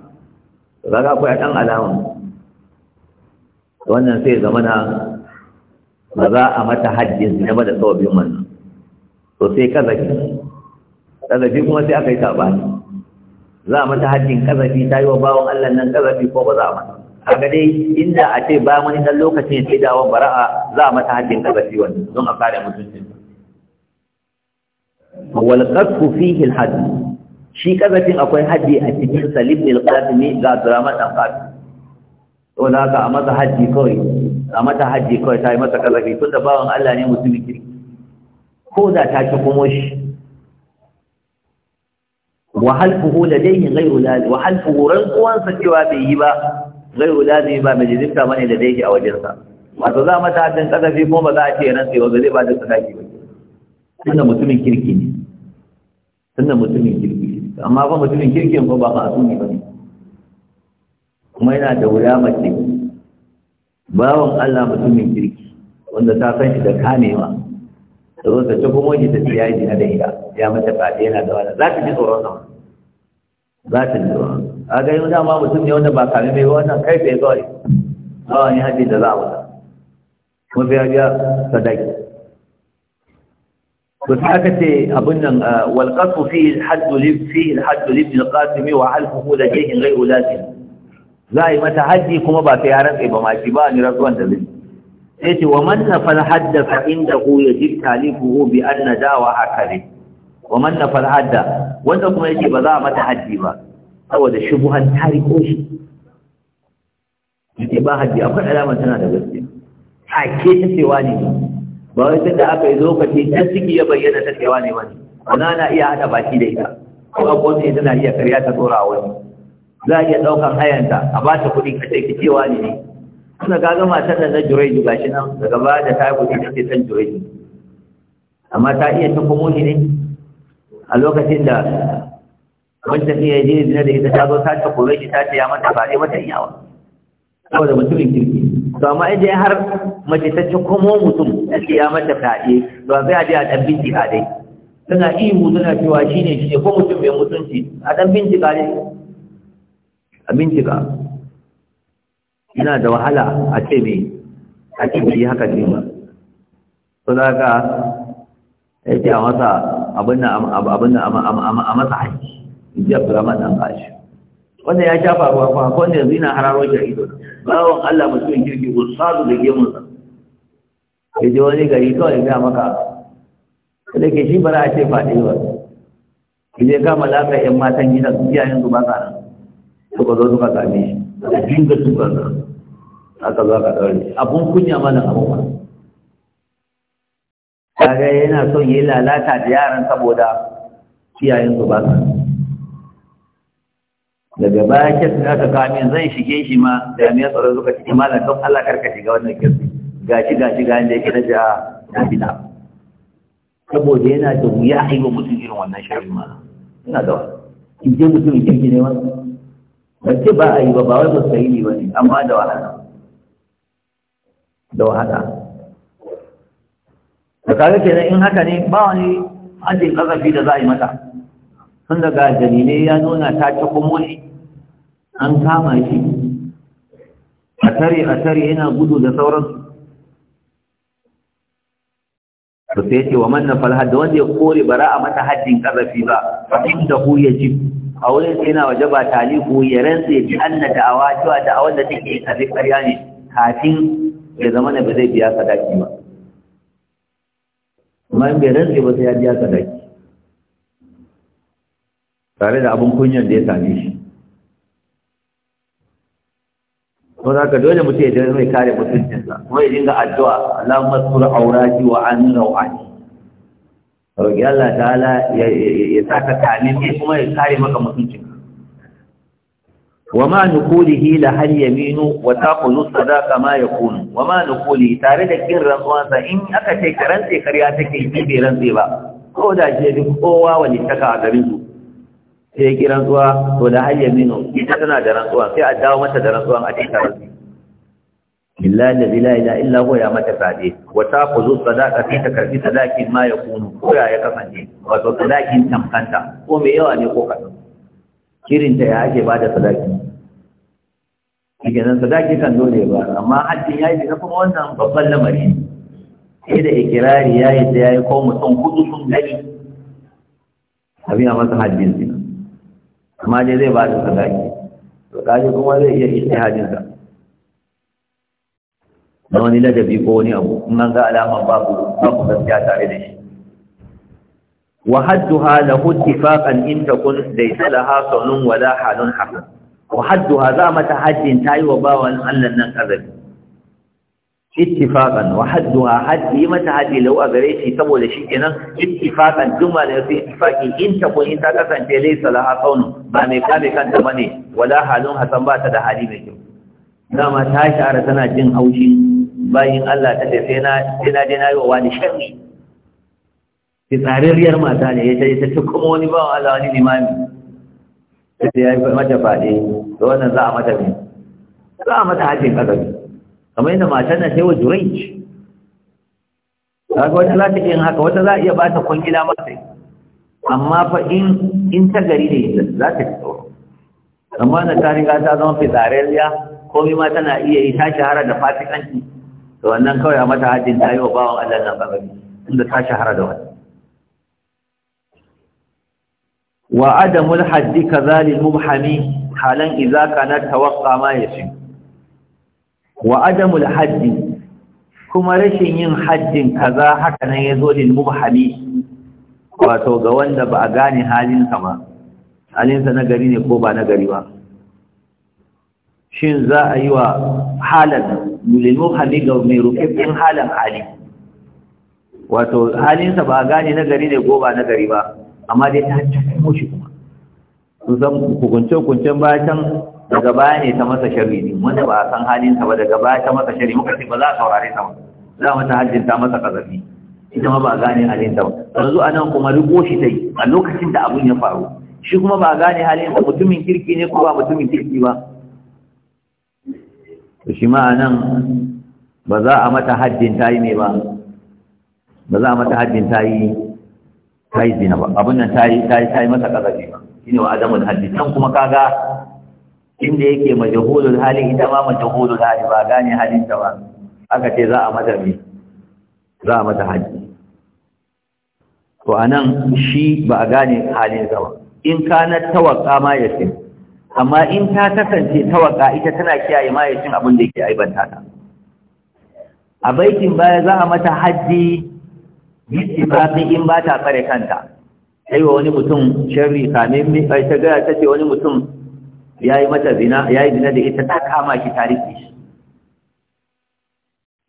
ka koya dan alama wannan sai zama na ba za a mata haddin zina ba da tsawabin man to sai kazafi kazafi kuma sai aka yi sabani za a mata hajjin kazafi ta yi wa bawan Allah nan kazafi ko ba za a mata a ga dai inda a ce ba wani dan lokacin sai dawo bara'a za a mata hajjin kazafi wani, don a kare mutuncin wal qatfu fihi al hadd shi kazafin akwai hajji a cikin salib al ne ga zurama ɗan qasim to da haka a mata hajji kawai a mata haddi kawai ta yi mata kazafi tunda bawan Allah ne mutumin kirki ko da ta ci kuma shi wa halfuhu ladayhi ghayru lazim wa ran ranquwansa cewa bai yi ba ghayru lazim ba mai majlisinta bane ladayhi a wajensa wato za mata hadin kasafi ko ba za a ce ran sai wanda zai ba da sadaki ba tunda mutumin kirki ne tunda mutumin kirki amma ba mutumin kirkin ba ba ma'asumi ba ne kuma yana da wuya mace bawan Allah mutumin kirki wanda ta san shi da kamewa da zo ta cikin waje ta ce ya yi jina da ita ya mata fadi yana da wani za ta ji tsoron nan za ta ji tsoron a ga yau dama mutum ne wanda ba kame mai ba wannan kai tsaye kawai ba wani haji da za a mata kuma sai ya biya sadaki to sai aka ce abin nan walƙasu fi haddu fi haddu libni alqasimi wa alfuhu da jihin ghayru lazim za a yi mata haji kuma ba ta yaran tsaye ba ma shi ba ni rasuwan da zai sai ce wa man nafal hadda fa indahu yajib talifuhu bi anna dawa akali wa man nafal hadda wanda kuma yake ba za a mata haddi ba saboda shubuhan tariko shi yake ba haddi akwai alama tana da gaske take ta cewa ne ba wai tunda aka yi lokaci ta ciki ya bayyana ta cewa ne ba ana na iya hada baki da ita ko abuwan ita tana iya karya ta dora wani za a iya ɗaukan hayanta a ba ta kuɗi ka ce ki cewa ne suna gaga matar da na jureju ga shi nan daga ba da ta guji take san jureju amma ta iya komo ni ne a lokacin da wanda iya yi zina da ita ta zo ta ta kore shi ta ce ya mata ba dai mata iyawa da mutumin kirki to amma idan har mace ta ci komo mutum ta ce ya mata fyaɗe to sai a je a ɗan bincika dai yi ihu suna cewa shine ne ko mutum mai mutunci a ɗan bincika ne a bincika yana da wahala a ce me a ce yi haka ne ba su za ka yake a masa abin da a masa haji ji abdurrahman dan bashi wanda ya shafa ruwa kuma ko ne yanzu yana hararo shi ido bawon Allah mutum kirki sadu da gemun sa ya je wani gari kawai ya maka da ke shi bara a ce faɗi ba ki je kama lafiya 'yan matan gidan iyayen su ba sa nan ka zo suka same shi a dinga tukan ka aka ka da ɗaure abun kunya mana abun ba kaga yana son yi lalata da yaran saboda iyayen su ba sa daga baya na aka kame zai shige shi ma jami'an tsaro zuka cikin eh, malam don Allah karka shiga wannan kesin gashi gashi ga yadda yake na ja ah, na fita saboda yana da wuya a yi wa mutum irin wannan shari'a ma ina da wa. in je mutum kirki ne wannan ba ce ba a yi ba ba wai ne ba ne amma da wahala da wahala da kaga kenan in haka ne ba wani ajin kazafi da za a yi mata sun daga dalilai ya nuna ta ci kuma an kama shi a tare a tare yana gudu da sauran su. sai ce wa man nafal hadda wanda ya kore bara a mata haddin kazafi ba fa inda hu yajib a wurin sai na waje ba taliku ya rantse bi anna da'awa cewa da'awar da take karfi karya ne kafin ya zama na ba zai biya sadaki ba amma in bai rantse ba sai ya biya sadaki tare da abin kunyan da ya same shi don ka dole mutum ya mai kare mutuncinsa kuma ya dinga addu'a Allahumma sura aurati wa an rawati roƙi Allah ta'ala ya saka kamin kuma ya kare maka mutuncin wa ma nukulihi la hal yaminu wa taqulu sadaqa ma yakunu wa ma nukuli tare da kin sa, in aka ce karance karya take yi bai rantse ba ko da je duk kowa wani taka a garin su sai kiran zuwa, rantsuwa to da hal yaminu ita tana da rantsuwa sai a dawo mata da rantsuwa a cikin rantsi da la ilaha illa huwa ya mata sabe wa ta khuzu fi ta karbi sadakin ma kunu ko ya ya kasance wato sadakin tamkanta ko me yawa ne ko kadan kirin ta ya ake bada sadaqi kiran sadaqi kan dole ba amma ya yi da kuma wannan babban lamari sai da ikirari yi da yi ko mutum kudu sun gani abin a masa haddin amma dai zai bada sadaqi to kaje kuma zai iya ijtihadin sa na wani ladabi ko wani abu in an ga alamar babu babu gaskiya tare da shi wa hadduha lahu ittifaqan in takun laysa laha sunun wala halun hasan wa hadduha za mata haddin tayi wa bawan Allah nan kazabi ittifaqan wa hadduha haddi mata haddi law a gare shi saboda shi kenan ittifaqan duma da yafi ittifaqi in ta kun ta kasance laysa laha sunun ba mai kame kanta bane wala halun hasan ba ta da hali mai kyau dama ta shahara tana jin haushi bayin Allah ta tafi na sai na na yi wa wani sharri fitsararriyar mata ne ya taje ta ci kuma wani bawan Allah wani limami ce ya yi mata faɗi da wannan za a mata ne za a mata hajjin ƙasar kamar yadda matan na sai wa jurai ga wata za ta iya haka wata za a iya ta kwangila masai amma fa in in ta gari ne za ta ci tsoro amma na ta riga ta zama fitsararriya komai ma tana iya yi ta shahara da fasikanci To wannan kawai a mata haddin ta yi wa bawan Allah nan ba inda ta shahara da wannan wa adamul haddi kazalil mubhami halan idza kana tawaqqa ma yashi wa adamul haddi kuma rashin yin haddin kaza haka nan yazo din mubhami wato ga wanda ba a gane halin sa ba halin sa na gari ne ko ba na gari ba shin za a yi wa halar mulimin hali ga mai ɗin halan hali wato halinsa ba gane na gari ne goba na gari ba amma dai ta cikin moshi kuma su san hukunce-hukuncen bayan daga baya ne ta masa shari ne wanda ba a san halinsa ba daga baya ta masa shari muka ce ba za a saurare ta za za mata hajjin ta masa kazafi ita ma ba a gane halinta ba yanzu a nan kuma riko shi ta yi a lokacin da abun ya faru shi kuma ba a gane halinsa mutumin kirki ne ko ba mutumin kirki ba to shi ma nan ba za a mata haddin tayi ne ba ba za a mata haddin tayi tayi zina ba abin nan tayi tayi tayi masa kazafi ba shine wa Adamu da haddi can kuma kaga inda yake majhulul hali ita ma majhulul hali ba gane halin ta ba aka ce za a mata me za a mata haji to anan shi ba a gane halin sa ba in kana tawakka ma yasin amma in ta kasance tawaka ita tana kiyaye mahaifin abin da yake aibanta ta a baitin baya za a mata haji bisifafin in ba ta kare kanta sai wani mutum sharri same mai ta gaya ta ce wani mutum ya yi mata zina ya zina da ita ta kama ki tarihi.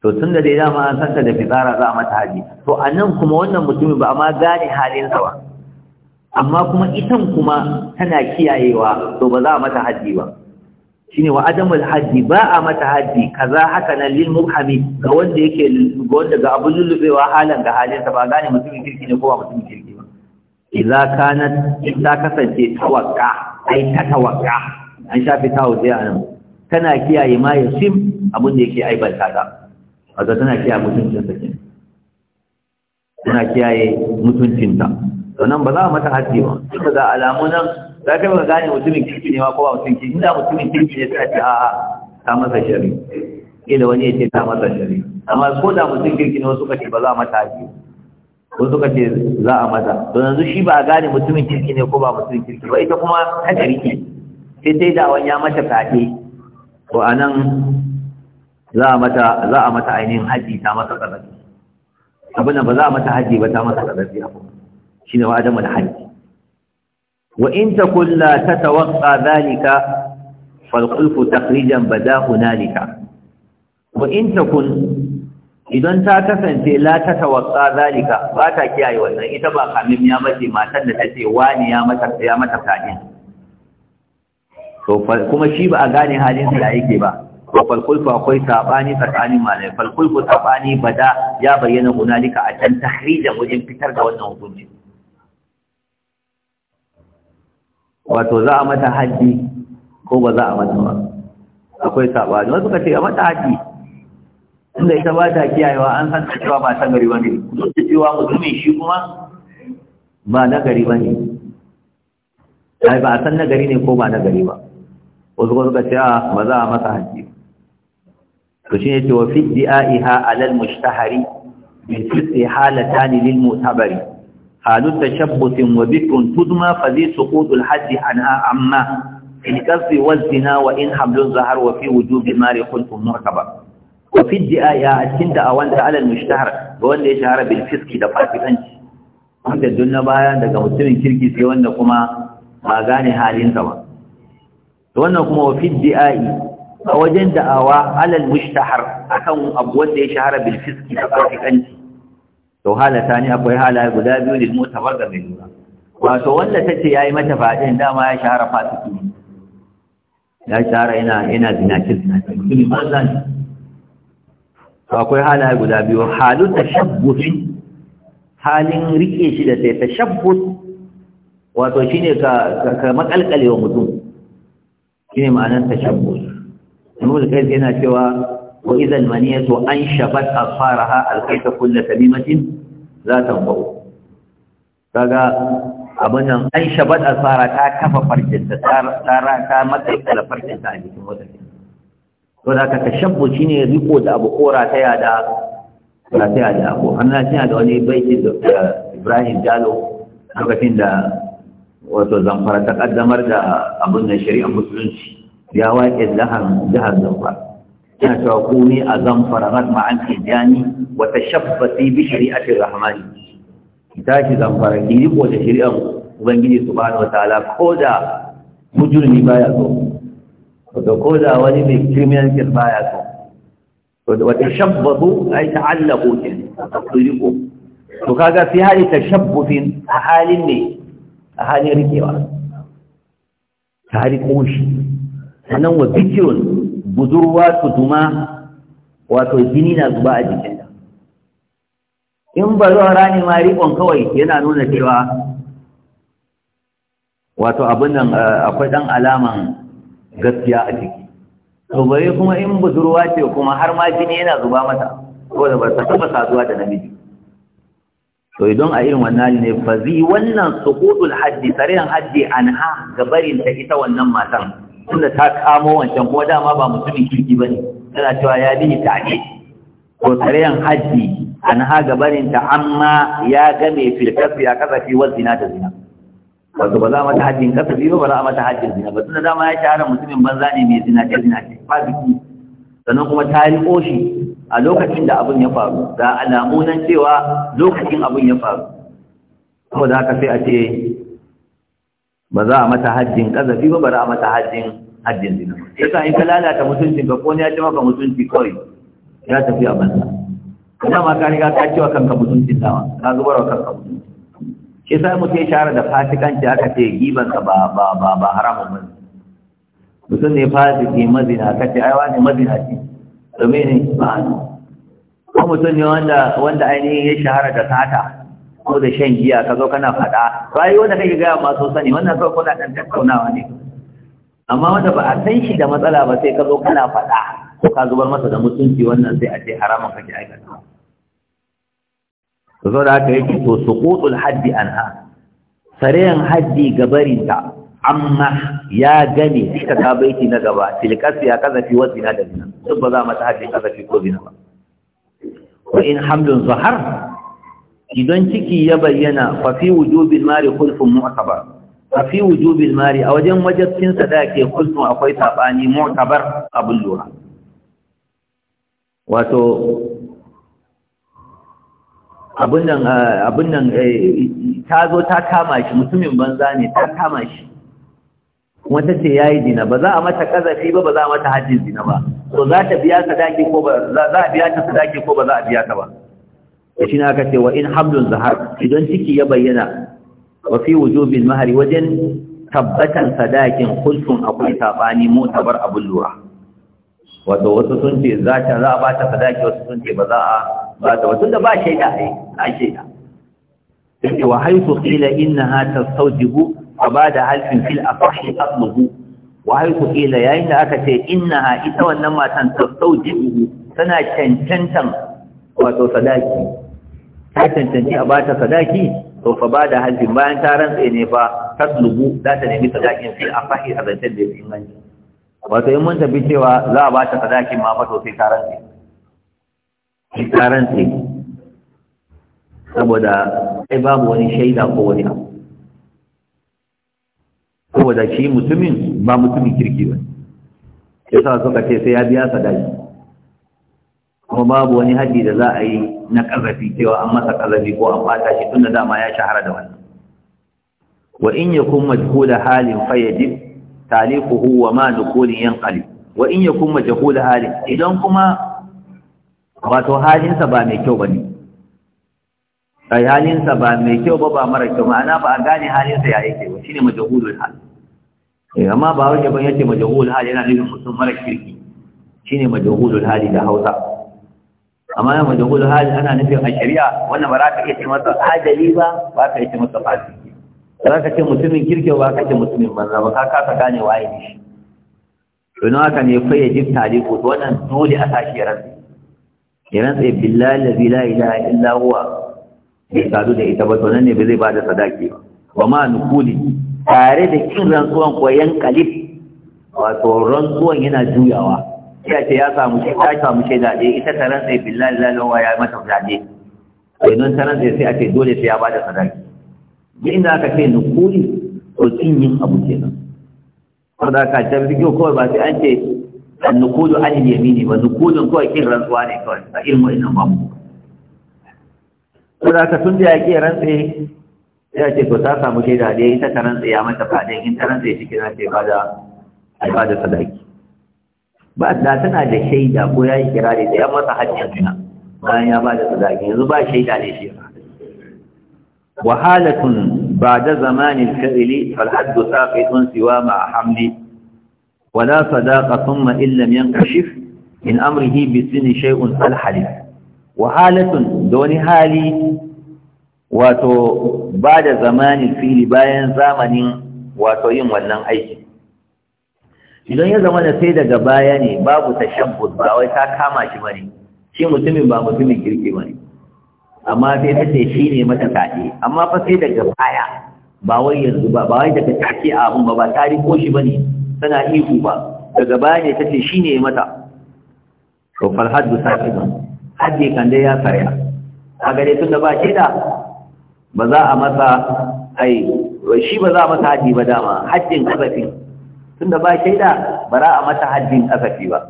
to tun da dai dama an santa da fitsara za a mata hajji. to a nan kuma wannan mutumin ba a ma gane halin sa ba amma kuma itan kuma tana kiyayewa to ba za a mata haddi ba ne wa adamul haddi ba a mata haddi kaza haka nan lil muhammi ga wanda yake ga wanda ga abun lullubewa halan ga halin sa ba gane mutumin kirki ne ko ba mutumin kirki ba idza kanat idza kasance tawakka ai ta tawakka an shafi tawo sai anan tana kiyaye ma yasim abun da yake aibanta ta wato tana kiyaye mutuncin tana kiyaye mutuncinta to nan ba za a mata hajji ba duka ga alamu nan za ka ba gane mutumin kirki ne ma ko ba mutumin kirki inda mutumin kirki ne sai a a'a ta masa shari kila wani ya ce ta masa shari amma ko da mutum kirki ne wasu kace ba za a mata hajji? ko suka ce za a mata to yanzu shi ba a gane mutumin kirki ne ko ba mutumin kirki ba ita kuma ta kirki sai dai da wani ya mata kaɗe ko anan za a mata za a mata ainihin haji ta masa ƙarfi abin da ba za a mata haji ba ta masa ƙarfi a kuma shine wa da hajji wa in takun la tatawaqqa dhalika fal qalbu takhrijan bada hunalika wa in takun idan ta kasance la ta tawassa zalika ba ta kiyaye wannan ita ba kamin ya mace matan da tace wani ya mata ya mata fadin to kuma shi ba a gane halin sa yake ba to falkulfu akwai sabani tsakanin malai falkulfu sabani bada ya bayyana hunalika a can tahrijan wajen fitar da wannan hukunci wato za a mata haji ko ba za a mata ba akwai sabani wasu ka ce a mata haji inda ita ba ta kiyayewa an san ta cewa ba ta gari bane duk da cewa mutumin shi kuma ba na gari bane ai ba a san na gari ne ko ba na gari ba wasu kuma suka ce a ah, ba za a mata haji to shine ce wa fi iha alal mushtahari min fi halatani lil mutabari حال تشبث وذكر تدمى فذي سقوط الحد عنها عما في الكسر والزنا وإن حمل الزهر وفي وجوب مال خلق مركبة وفي الدعاية أتكين دعوانت على المشتهر وأن يشهر بالفسك دفاق الأنج wanda duk na baya daga mutumin kirki wanda kuma ba gane halinsa ba wannan kuma wa fi a wajen da'awa alal mushtahar akan abu wanda ya shahara bil fiski to halata ne akwai halaye guda biyu ne mutabar da mai lura wato wanda ta ce ya yi mata faɗin dama ya shahara fasiki ya shahara yana yana zinacin zinacin mutumin banza ne to akwai halaye guda biyu halun tashabbufi halin rike shi da sai tashabbus wato shine ka ka makalkalewa mutum shine ma'anar tashabbus Ibn Qayyim yana cewa wa idan maniyatu an shabat asfaraha alkaita kullu tamimatin zatan bau kaga abin nan an shabat ta kafa farkin ta ta ta matsayi da farkin ta a jikin wata to da ka tashabbu shine riko da abu kora ta yada ta yada abu annabi yana da wani baiti da Ibrahim Jalo lokacin da wato zamfara ta kaddamar da abin da shari'ar musulunci ya waƙe jihar zamfara yana cewa ku ne a zan farahat ma'an tijani wa tashabbati bi shari'atir rahmani tashi zan fara ki riko da shari'ar ubangiji subhanahu wataala ko da mujrimi baya so ko da wani mai وكذا في هذه تشبب أهالي النيل أهالي ركيوة أهالي قوش wa وذكر budurwa tutuma wato jini na zuba a jikinta in ba zuwa rani ma riƙon kawai yana nuna cewa wato abin nan eh, akwai ɗan alaman gaskiya a ciki to bare kuma in budurwa ce kuma har ma jini yana zuba mata da ba ta taɓa saduwa da namiji to idan a irin wannan ne fazi wannan suqudul haddi tarihin haddi anha gabarin ta ita wannan matan tunda ta kamo wancan kuma dama ba mutumin kirki ba ne tana cewa ya bihi ta'adi ko tarayan hajji an ha gabanin ta amma ya game filkafi a kasafi wa zina ta zina wato ba za mata hajjin kasafi ba ba za mata hajjin zina ba tunda dama ya shahara mutumin banza ne mai zina ta zina ce biki sannan kuma ta yi ƙoshi a lokacin da abin ya faru ga alamu nan cewa lokacin abin ya faru saboda haka sai a ce ba za a mata hajjin kazafi ba ba za a mata hajjin hajjin zina yasa in ka lalata mutunci ka ko ne ya ci maka mutunci kawai ya tafi a banza kuma ma ka riga ka cewa kanka mutuncin dawa ka zubar wa kanka mutunci shi sai mu ya shahara da fasikanci aka ce ka ba ba ba ba haramun ba mutum ne fasiki mazina ka ce ai wani mazina ce domin ne ba ko mutum ne wanda wanda ainihin ya shahara da sata ko da shan giya ka zo kana faɗa bayi wanda kake gaya masu sani wannan kawai kuna ɗan tattaunawa ne amma wanda ba a san shi da matsala ba sai ka zo kana faɗa ko ka zubar masa da mutunci wannan sai a ce haramun kake aikata Ka zo da haka yake to suqutul haddi anha sarayan haddi gabarinta amma ya gane shi ta baiti na gaba tilkas ya fi wa zina da zina duk ba za mata kaza fi ko zina ba wa in hamdun zahar idan ciki ya bayyana fa fi wujubil mari khulfun mu'tabar fa fi wujubil mari a wajen wajabcin sadaki khulfun akwai sabani mu'tabar abul lura wato abin nan eh, nan eh, ta zo ta kama shi mutumin banza ne ta kama shi wata ce ya yi dina ba za a mata kazafi ba ba za a mata hajji dina ba to za ta biya sadaki ko ba za a biya ta sadaki ko ba za a biya ta ba da shi aka ce wa in hamlun zahar idan ciki ya bayyana wa fi wujubin mahari wajen tabbatan sadakin hulsun akwai sabani mutabar abin lura wato wasu sun ce za ta za a ba ta sadaki wasu sun ce ba za a ba ta wasu da ba shaida ai eh, ba shaida sai wa haythu qila innaha tastawjibu fa bada halfin fil asahi asluhu wa haythu qila yayin da aka ce innaha ita wannan matan tastawjibu tana cancantan wato sadaki ta cancanci a bata sadaki to fa ba da hajjin bayan ta rantsa ne fa lubu za ta nemi sadakin a fahi a zancen da ya inganci wato in mun tafi cewa za a bata sadakin ma fa to sai ta rantsa sai ta rantsa saboda sai babu wani shaida ko wani abu saboda shi mutumin ba mutumin kirki ba yasa suka ce sai ya biya sadaki kuma babu wani haji da za a yi na ƙazafi cewa an masa ƙazafi ko an fata shi tun da dama ya shahara da wannan wa in yakun da halin fayajib taliquhu wa ma dukulin yanqalib wa in yakun da halin idan kuma wato halinsa ba mai kyau bane ai halinsa ba mai kyau ba ba mara kyau ma'ana ba a gane halinsa ya yake ba shine majhulul hal eh amma ba wani ban yace majhulul hal yana nufin mutum mara kirki shine majhulul hali da Hausa amma na majahul hali ana nufin a shari'a wannan ba za ka iya ce masa hajali ba ba ka iya ce masa fasiki ba za ka ce mutumin kirkiyar ba ka ce mutumin banza ba ka kasa gane waye ne shi don haka ne fa ya jib taliku to wannan dole a sashi ya rantsa ya rantsa billahi la ilaha illa huwa bai sadu da ita ba to nan ne ba zai bada sadaki ba wa ma nukuli tare da kin rantsuwan koyan kalif wato rantsuwan yana juyawa ya ce ya samu shi ta samu shi zaɓe ita ta rantsa billahi lalawa ya mata zaɓe nun ta rantsa sai a ce dole sai ya bada sadaki duk inda aka ce nukuli to kin yin abu nan ko da ka ta bidiyo ko ba sai an ce an nukulu an yamini ba nukulun kawai kin rantsuwa ne kawai a irin ina ba ko da ka tun da ya ke rantsa ya ce to ta samu shi da ita ta rantsa ya mata fadin in ta rantsa shi kina ce ba da ba da sadaki ba tana da shaida ko ya yi kirari da ya masa hajjina bayan ya ba da sadaki yanzu ba shaida ne shi wahalatun ba da zamanin fi'ili falhaddu saqitun siwa ma hamli wala sadaqa thumma illam yankashif in amrihi bi sinni shay'un alhalif wahalatun da wani hali wato ba da zamanin fili bayan zamanin wato yin wannan aikin idan ya zama da sai daga baya ne babu ta tashabbus ba wai ta kama shi bane shi mutumin ba mutumin kirki bane amma sai ta ce shi ne mata kaɗe amma fa sai daga baya ba wai yanzu ba ba wai daga take a abun ba ba ta riko shi bane tana ihu ba daga baya ne ta ce shi ne mata to fal haddu sakiban haddi kan dai ya karya a gare tun da ba shi da ba za a masa ai shi ba za a masa haddi ba dama haddin kazafin tunda ba shaida ba za a mata haddin kasafi ba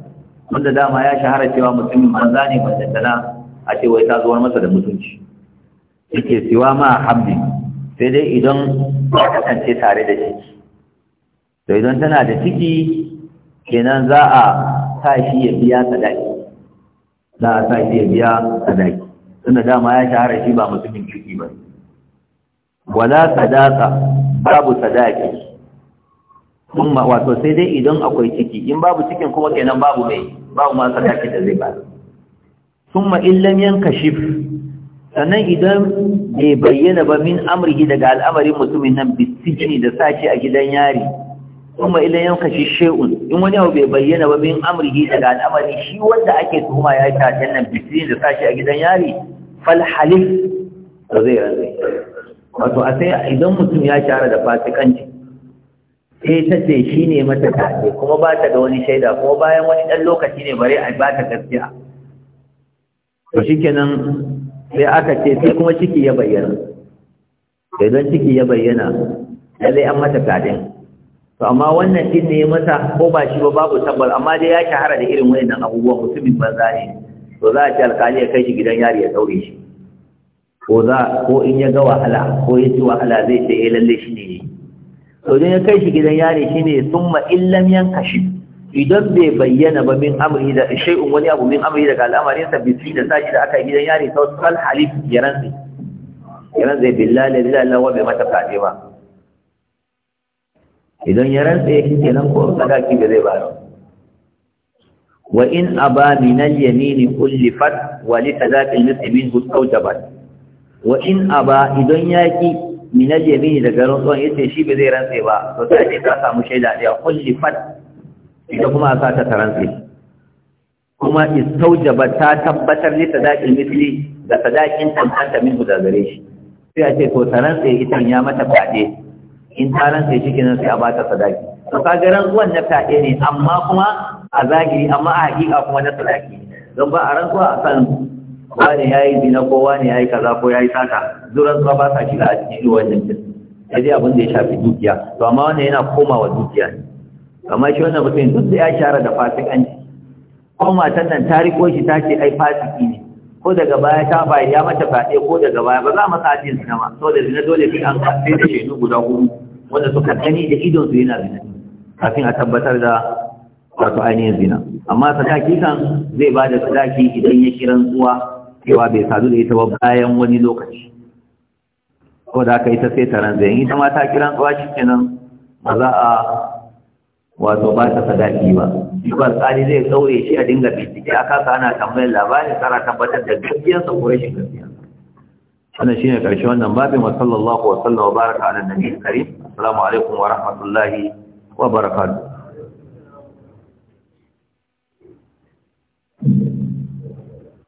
wanda dama ya shahara cewa mutumin manza ne mace a ce wai ta zuwa masa da mutunci yake siwa ma hamdin, sai dai idan ba kasance tare da ciki to idan tana da ciki kenan za a sa shi ya biya sadaki za a sa shi ya biya sadaki tunda dama ya shahara shi ba mutumin ciki ba wala sadaka babu sadaki kuma wato sai dai idan akwai ciki in babu cikin kuma kenan babu mai babu ma sadaki da zai ba kuma illam yankashif sannan idan bai bayyana ba min amrihi daga al'amarin mutumin nan bisijini da sashi a gidan yari kuma illam yankashif shay'un in wani abu bai bayyana ba min amrihi daga al'amarin shi wanda ake tuhuma ya ta nan bisijini da sashi a gidan yari fal halif zai rantsa wato a sai idan mutum ya shara da fasikanci sai ta ce shi ne mata tafi kuma ba ta da wani shaida kuma bayan wani ɗan lokaci ne bare a ba ta gaskiya to shi kenan sai aka ce sai kuma ciki ya bayyana sai don ciki ya bayyana lallai an mata fadin to amma wannan din ne mata ko ba shi ba babu tabbar amma dai ya shahara da irin wannan abubuwa mutumin banza ne to za a ce alƙali ya kai shi gidan yari ya daure shi ko za ko in ya ga wahala ko ya ci wahala zai ce eh lalle shi ne to idan ya kai shi gidan yari shine thumma illam yankashi idan bai bayyana ba min amri da shay'un wani abu min amri daga al'amarin sa bisi da sashi da aka gidan yari sau sal halif yaran sai yaran sai billahi la ilaha wa bai mata kaje ba idan yaran sai shi kenan ko sadaki da zai ba wa in aba min al-yamin kullifat wa li tadaqil al-muslimin wa in aba idan yaki min yamini daga rantsuwan ya ce shi ba zai rantse ba to sai ce ka samu shaida ɗaya kullifat fat ita kuma a sata ta rantse kuma istaujaba ta tabbatar ne sadakin misli da sadakin tantanta min da gare shi sai a ce to ta rantse ita ya mata fade in ta rantse shi kenan sai a ba ta sadaki to kaga rantsuwan na fade ne amma kuma a zagiri amma a hakika kuma na sadaki don ba a rantsuwa a san wani ya yi zina ko wani ya yi kaza ko ya yi sata zuran zuwa ba sa shiga a cikin irin wannan cin ya abin da ya shafi dukiya to amma wannan yana komawa dukiya ne amma shi wannan mutum duk da ya shara da fasikanci ko matan nan ta riko shi ta ce ai fasiki ne ko daga baya ta bayar ya mata fade ko daga baya ba za mu sa jin zina ma saboda zina dole sai an sai da shedu guda huɗu. wanda suka gani da idon su yana zina kafin a tabbatar da wato ainihin zina amma sadaki kan zai ba da sadaki idan ya kiran zuwa cewa bai sadu da ita ba bayan wani lokaci ko da aka ita sai taron zai ita ma ta kiran zuwa shi kenan ba za a wato ba ta sadaki ba shi ba tsari zai daure shi a dinga bincike a kasa ana tambayar labarin tsara tabbatar da gaskiyarsa ko rashin gaskiya wannan shine karshe wannan babin wa sallallahu wa sallama baraka ala nabiyil karim assalamu alaikum wa rahmatullahi wa barakatuh